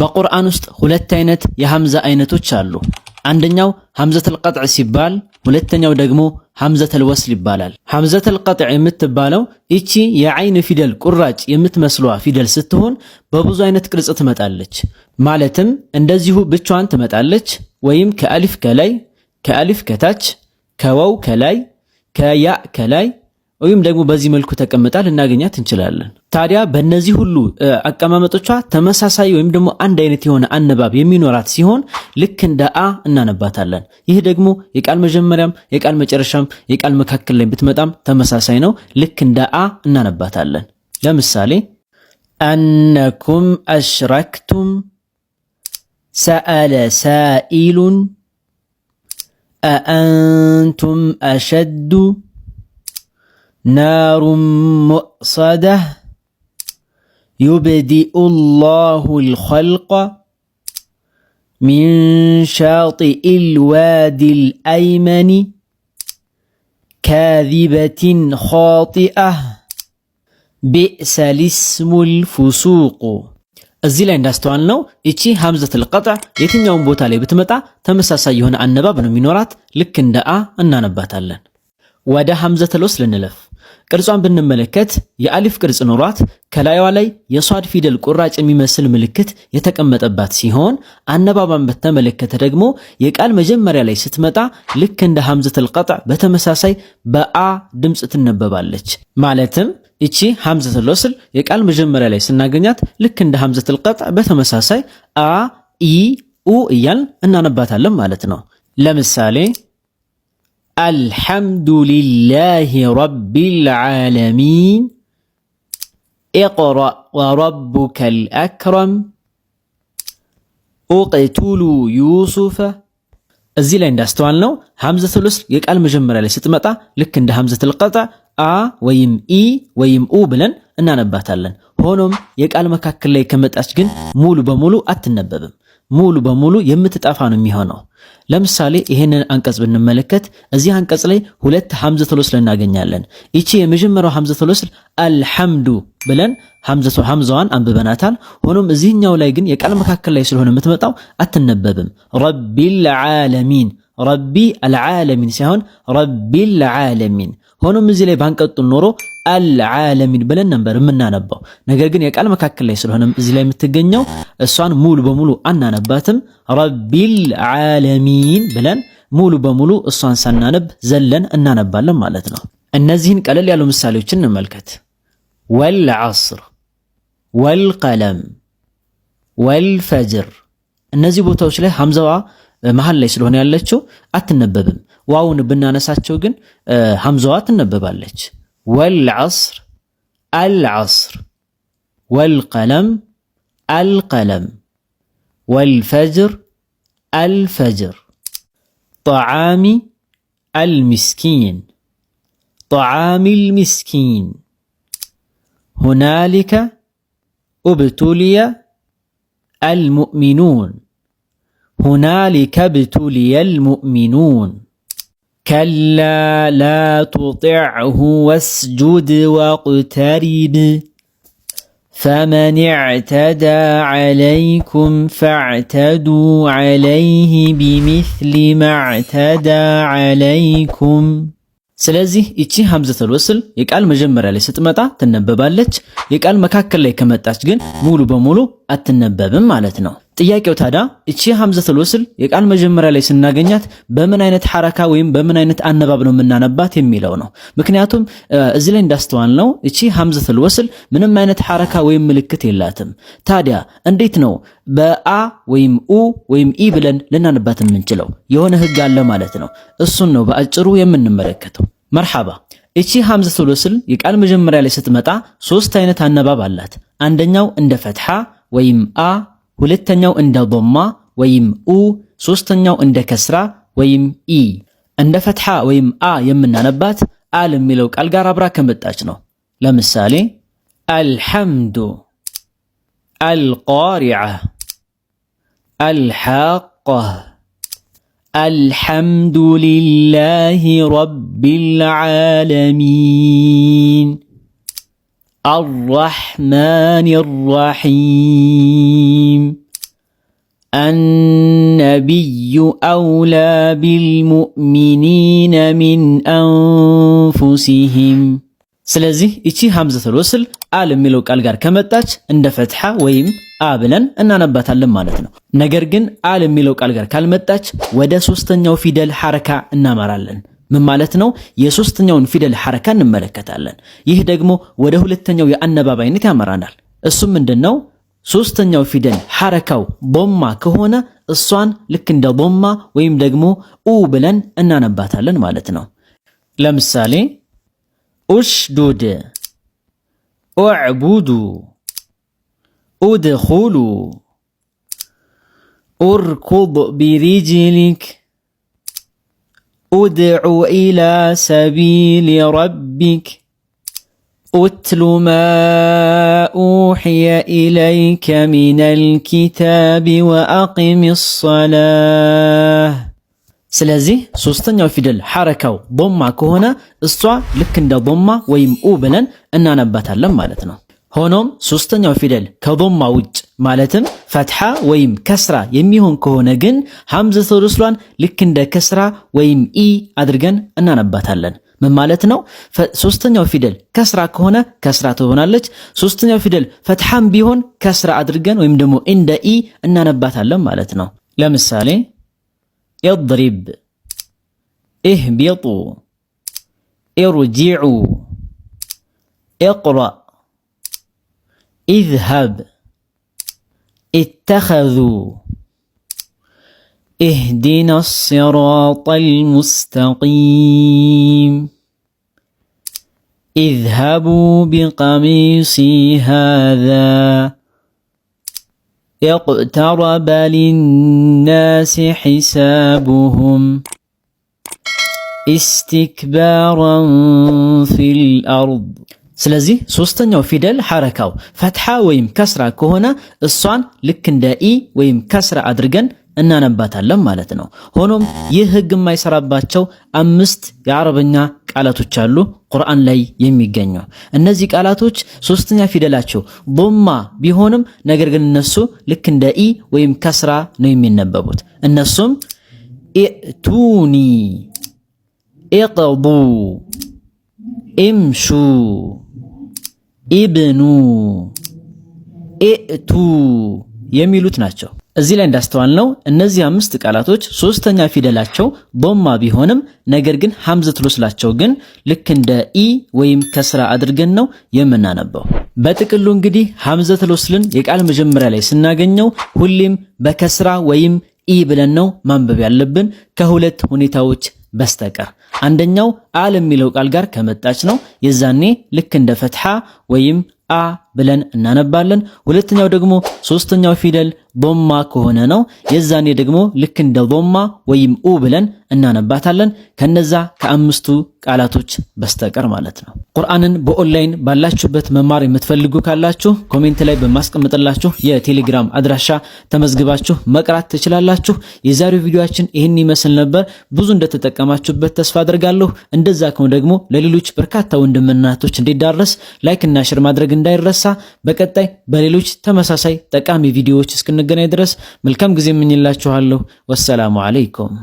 በቁርአን ውስጥ ሁለት አይነት የሐምዛ አይነቶች አሉ። አንደኛው ሐምዘተል ቀጥዕ ሲባል ሁለተኛው ደግሞ ሐምዘተል ወስል ይባላል። ሐምዘተል ቀጥዕ የምትባለው ይቺ የዓይን ፊደል ቁራጭ የምትመስሏ ፊደል ስትሆን በብዙ አይነት ቅርጽ ትመጣለች። ማለትም እንደዚሁ ብቻዋን ትመጣለች፣ ወይም ከአሊፍ ከላይ፣ ከአሊፍ ከታች፣ ከዋው ከላይ፣ ከያ ከላይ ወይም ደግሞ በዚህ መልኩ ተቀምጣ ልናገኛት እንችላለን። ታዲያ በእነዚህ ሁሉ አቀማመጦቿ ተመሳሳይ ወይም ደግሞ አንድ አይነት የሆነ አነባብ የሚኖራት ሲሆን ልክ እንደ አ እናነባታለን። ይህ ደግሞ የቃል መጀመሪያም የቃል መጨረሻም የቃል መካከል ላይ ብትመጣም ተመሳሳይ ነው። ልክ እንደ አ እናነባታለን። ለምሳሌ አነኩም አሽረክቱም፣ ሰአለ ሳኢሉን፣ አአንቱም አሸዱ نار مؤصده يبدئ الله الخلق من شاطئ الوادي الايمن كاذبه خاطئه بئس الاسم الفسوق እዚህ ላይ እንዳስተዋልነው ይቺ ሀምዘቱል ቀጥዕ የትኛውን ቦታ ላይ ብትመጣ ተመሳሳይ የሆነ አነባብ ነው የሚኖራት። ልክ እንደ አ እናነባታለን። ወደ ሀምዘቱል ወስል እንለፍ። ቅርጿን ብንመለከት የአሊፍ ቅርጽ ኖሯት ከላይዋ ላይ የሷድ ፊደል ቁራጭ የሚመስል ምልክት የተቀመጠባት ሲሆን አነባባን በተመለከተ ደግሞ የቃል መጀመሪያ ላይ ስትመጣ ልክ እንደ ሐምዘተል ቀጥዕ በተመሳሳይ በአ ድምፅ ትነበባለች። ማለትም እቺ ሐምዘተል ወስል የቃል መጀመሪያ ላይ ስናገኛት ልክ እንደ ሐምዘተል ቀጥዕ በተመሳሳይ አ ኢ ኡ እያልን እናነባታለን ማለት ነው። ለምሳሌ الحمد لله رب العالمين اقرأ وربك الأكرم اقتلوا يوسف እዚህ ላይ እንዳስተዋልነው ሀምዘቱል ወስል የቃል መጀመሪያ ላይ ስትመጣ ልክ እንደ ሀምዘቱል ቀጥዕ አ ወይም ኢ ወይም ኡ ብለን እናነባታለን። ሆኖም የቃል መካከል ላይ ከመጣች ግን ሙሉ በሙሉ አትነበብም። ሙሉ በሙሉ የምትጠፋ ነው የሚሆነው። ለምሳሌ ይሄንን አንቀጽ ብንመለከት እዚህ አንቀጽ ላይ ሁለት ሐምዘቱል ወስል እናገኛለን። ይቺ የመጀመሪያው ሐምዘቱል ወስል አልሐምዱ ብለን ሐምዘቱ አንብበናታል። ሆኖም እዚህኛው ላይ ግን የቃል መካከል ላይ ስለሆነ የምትመጣው አትነበብም። ረቢል ዓለሚን ረቢ አልዓለሚን ሳይሆን ረቢል ዓለሚን። ሆኖም እዚህ ላይ ባንቀጡን ኖሮ አልዓለሚን ብለን ነበር የምናነባው። ነገር ግን የቃል መካከል ላይ ስለሆነ እዚህ ላይ የምትገኘው እሷን ሙሉ በሙሉ አናነባትም። ረቢል ዓለሚን ብለን ሙሉ በሙሉ እሷን ሳናነብ ዘለን እናነባለን ማለት ነው። እነዚህን ቀለል ያሉ ምሳሌዎችን እንመልከት። ወልዓስር፣ ወልቀለም፣ ወልፈጅር እነዚህ ቦታዎች ላይ ሐምዛዋ መሀል ላይ ስለሆነ ያለችው አትነበብም። ዋውን ብናነሳቸው ግን ሀምዛዋ ትነበባለች። والعصر العصر والقلم القلم والفجر الفجر طعام المسكين طعام المسكين هنالك ابتلي المؤمنون هنالك ابتلي المؤمنون كلا لا تطعه واسجد واقترب فمن اعتدى عليكم فاعتدوا عليه بمثل ما اعتدى عليكم سلازي ايتشي همزة الوصل يكال مجمرة ليس تمتع تنببالج يكال مكاكل ليك متعشقن مولو بمولو التنبب مالتنا ጥያቄው ታዲያ እቺ ሐምዘቱል ወስል የቃል መጀመሪያ ላይ ስናገኛት በምን አይነት ሐረካ ወይም በምን አይነት አነባብ ነው የምናነባት የሚለው ነው። ምክንያቱም እዚህ ላይ እንዳስተዋል ነው እቺ ሐምዘቱል ወስል ምንም አይነት ሐረካ ወይም ምልክት የላትም። ታዲያ እንዴት ነው በአ ወይም ኡ ወይም ኢ ብለን ልናነባት የምንችለው? የሆነ ህግ አለ ማለት ነው። እሱን ነው በአጭሩ የምንመለከተው። መርሓባ እቺ ሐምዘቱል ወስል የቃል መጀመሪያ ላይ ስትመጣ ሶስት አይነት አነባብ አላት። አንደኛው እንደ ፈትሐ ወይም አ ሁለተኛው እንደ ዶማ ወይም ኡ፣ ሶስተኛው እንደ ከስራ ወይም ኢ። እንደ ፈትሓ ወይም አ የምናነባት አል የሚለው ቃል ጋር አብራ ከመጣች ነው። ለምሳሌ አልሐምዱ፣ አልቃሪዐ፣ አልሓቆ፣ አልሐምዱ ሊላሂ ረቢል ዓለሚን الرحمن الرحيم النبي أولى بالمؤمنين من أنفسهم ስለዚህ እቺ ሐምዘተል ወስል አል የሚለው ቃል ጋር ከመጣች እንደ ፈትሐ ወይም አ ብለን እናነባታለን ማለት ነው። ነገር ግን አል የሚለው ቃል ጋር ካልመጣች ወደ ሶስተኛው ፊደል ሐረካ እናመራለን። ምን ማለት ነው? የሶስተኛውን ፊደል ሐረካ እንመለከታለን። ይህ ደግሞ ወደ ሁለተኛው የአነባብ አይነት ያመራናል። እሱም ምንድን ነው? ሶስተኛው ፊደል ሐረካው ቦማ ከሆነ እሷን ልክ እንደ ቦማ ወይም ደግሞ ኡ ብለን እናነባታለን ማለት ነው። ለምሳሌ ኡሽዱድ፣ ኡዕቡዱ፣ ኡድኹሉ፣ ኡርኩብ ቢሪጅሊክ ادع الى سبيل ربك اتل ما اوحي اليك من الكتاب واقم الصلاه سلازي سوستن يو فيدل حركة ضمة كهنا استوى لكن اند ضمة ويم اوبلا ان انا باتا لما لتنو ሆኖም ሶስተኛው ፊደል ከዶማ ውጭ ማለትም ፈትሐ ወይም ከስራ የሚሆን ከሆነ ግን ሐምዘቱል ወስሏን ልክ እንደ ከስራ ወይም ኢ አድርገን እናነባታለን። ምን ማለት ነው? ሶስተኛው ፊደል ከስራ ከሆነ ከስራ ትሆናለች። ሶስተኛው ፊደል ፈትሐም ቢሆን ከስራ አድርገን ወይም ደግሞ እንደ ኢ እናነባታለን ማለት ነው። ለምሳሌ ኢድሪብ፣ ኢህቢጡ፣ ኢርጂዑ፣ ኢቅራ اذهب اتخذوا اهدنا الصراط المستقيم اذهبوا بقميصي هذا اقترب للناس حسابهم استكبارا في الارض ስለዚህ ሶስተኛው ፊደል ሐረካው ፈትሓ ወይም ከስራ ከሆነ እሷን ልክ እንደ ኢ ወይም ከስራ አድርገን እናነባታለን ማለት ነው። ሆኖም ይህ ህግ የማይሰራባቸው አምስት የአረበኛ ቃላቶች አሉ ቁርአን ላይ የሚገኙ። እነዚህ ቃላቶች ሶስተኛ ፊደላቸው ቦማ ቢሆንም ነገር ግን እነሱ ልክ እንደ ኢ ወይም ከስራ ነው የሚነበቡት። እነሱም ኢቱኒ፣ ኢቅቡ፣ ኢምሹ ኢብኑ ኢእቱ የሚሉት ናቸው። እዚህ ላይ እንዳስተዋልነው እነዚህ አምስት ቃላቶች ሶስተኛ ፊደላቸው ቦማ ቢሆንም ነገር ግን ሐምዘቱል ወስላቸው ግን ልክ እንደ ኢ ወይም ከስራ አድርገን ነው የምናነበው። በጥቅሉ እንግዲህ ሐምዘቱል ወስልን የቃል መጀመሪያ ላይ ስናገኘው ሁሌም በከስራ ወይም ኢ ብለን ነው ማንበብ ያለብን ከሁለት ሁኔታዎች በስተቀር አንደኛው አል የሚለው ቃል ጋር ከመጣች ነው። የዛኔ ልክ እንደ ፈትሐ ወይም አ ብለን እናነባለን። ሁለተኛው ደግሞ ሶስተኛው ፊደል ዶማ ከሆነ ነው። የዛኔ ደግሞ ልክ እንደ ዶማ ወይም ኡ ብለን እናነባታለን ከነዛ ከአምስቱ ቃላቶች በስተቀር ማለት ነው። ቁርአንን በኦንላይን ባላችሁበት መማር የምትፈልጉ ካላችሁ ኮሜንት ላይ በማስቀምጥላችሁ የቴሌግራም አድራሻ ተመዝግባችሁ መቅራት ትችላላችሁ። የዛሬው ቪዲዮችን ይህን ይመስል ነበር። ብዙ እንደተጠቀማችሁበት ተስፋ አድርጋለሁ። እንደዛ ከሆነ ደግሞ ለሌሎች በርካታ ወንድምና እህቶች እንዲዳረስ ላይክ እና ሼር ማድረግ እንዳይረሳ። በቀጣይ በሌሎች ተመሳሳይ ጠቃሚ ቪዲዮዎች እስክን እስከምንገናኝ ድረስ መልካም ጊዜ የምኝላችኋለሁ። ወሰላሙ አለይኩም